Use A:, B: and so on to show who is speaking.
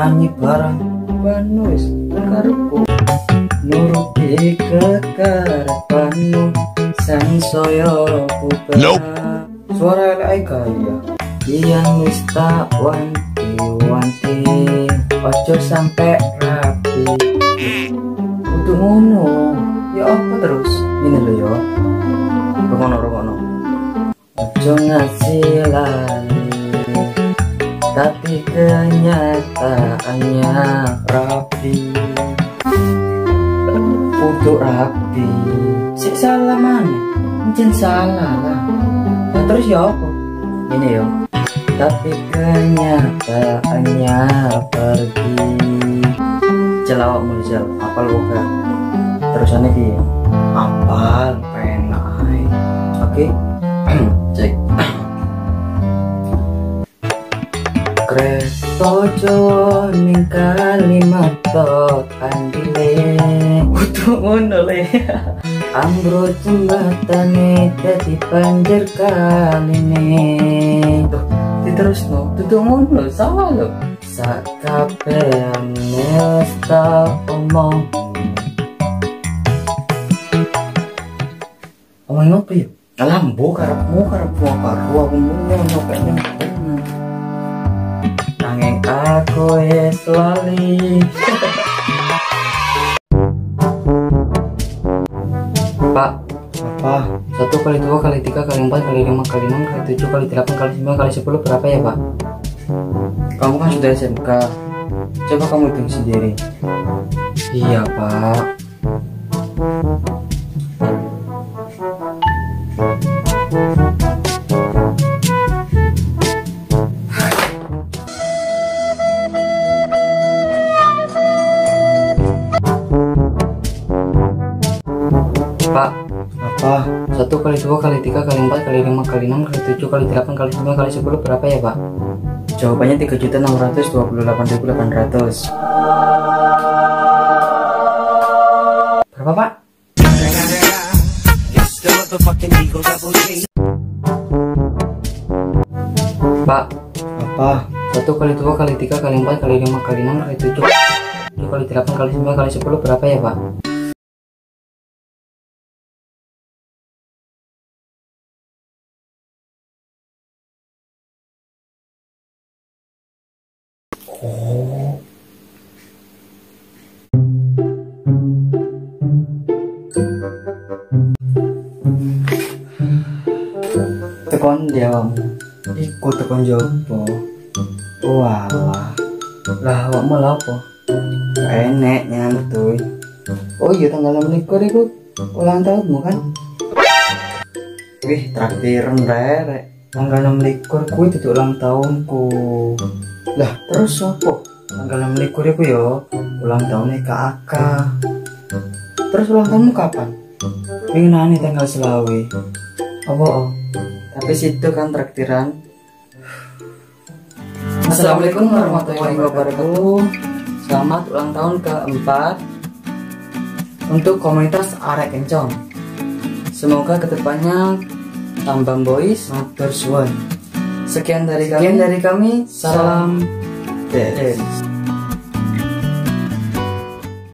A: nyanyi bareng panus karepku nuruti kekarepanmu sang soyo putra nope. suara elai kaya iyan mista wanti-wanti ojo sampe rapi untuk ngono ya apa terus ini lo yo ya. rungono rungono ojo ngasih lah tapi kenyataannya rapi untuk rapi si salah mana mungkin salah lah nah, terus ya apa ini yo tapi kenyataannya pergi celawak apa apal kan terusannya dia apal penai oke okay? Kretojo ning kalimat bot andile Utu ngono le Ambro jadi panjer kali ini Tuh terus no Dudu lo, sama lo Sakabean tak omong Omong apa ya? Alam Lambo karepmu karepmu karo aku ngono kayaknya Aku es lali Pak Apa? Satu kali dua kali tiga kali empat kali lima kali enam kali tujuh kali delapan kali sembilan kali sepuluh berapa ya Pak? Kamu kan sudah SMK Coba kamu hitung sendiri Iya Pak 1 kali 2 kali 3 kali 4 kali 5 kali 6 kali 7 kali 8 kali 9 kali 10 berapa ya Pak? Jawabannya 3.628.800 Berapa Pak? Pak Apa? 1 kali dua kali tiga kali empat kali lima kali enam kali tujuh kali delapan kali sembilan kali sepuluh berapa ya Pak? tekon om, iku tekon jopo, walah lah wak mau lapo enek nyantuy oh iya tanggal enam likur iku ulang tahunmu kan wih traktiran rere tanggal enam likur kuwi itu ulang tahunku lah terus sopo tanggal enam likur iku yo ya, ulang tahunnya kak terus ulang tahunmu kapan pengen tanggal selawi apa oh tapi situ kan traktiran Assalamualaikum warahmatullahi wabarakatuh Selamat ulang tahun keempat Untuk komunitas Arek Kencong Semoga kedepannya Tambang Boys Matur Sekian dari kami Sekian dari kami Salam Dance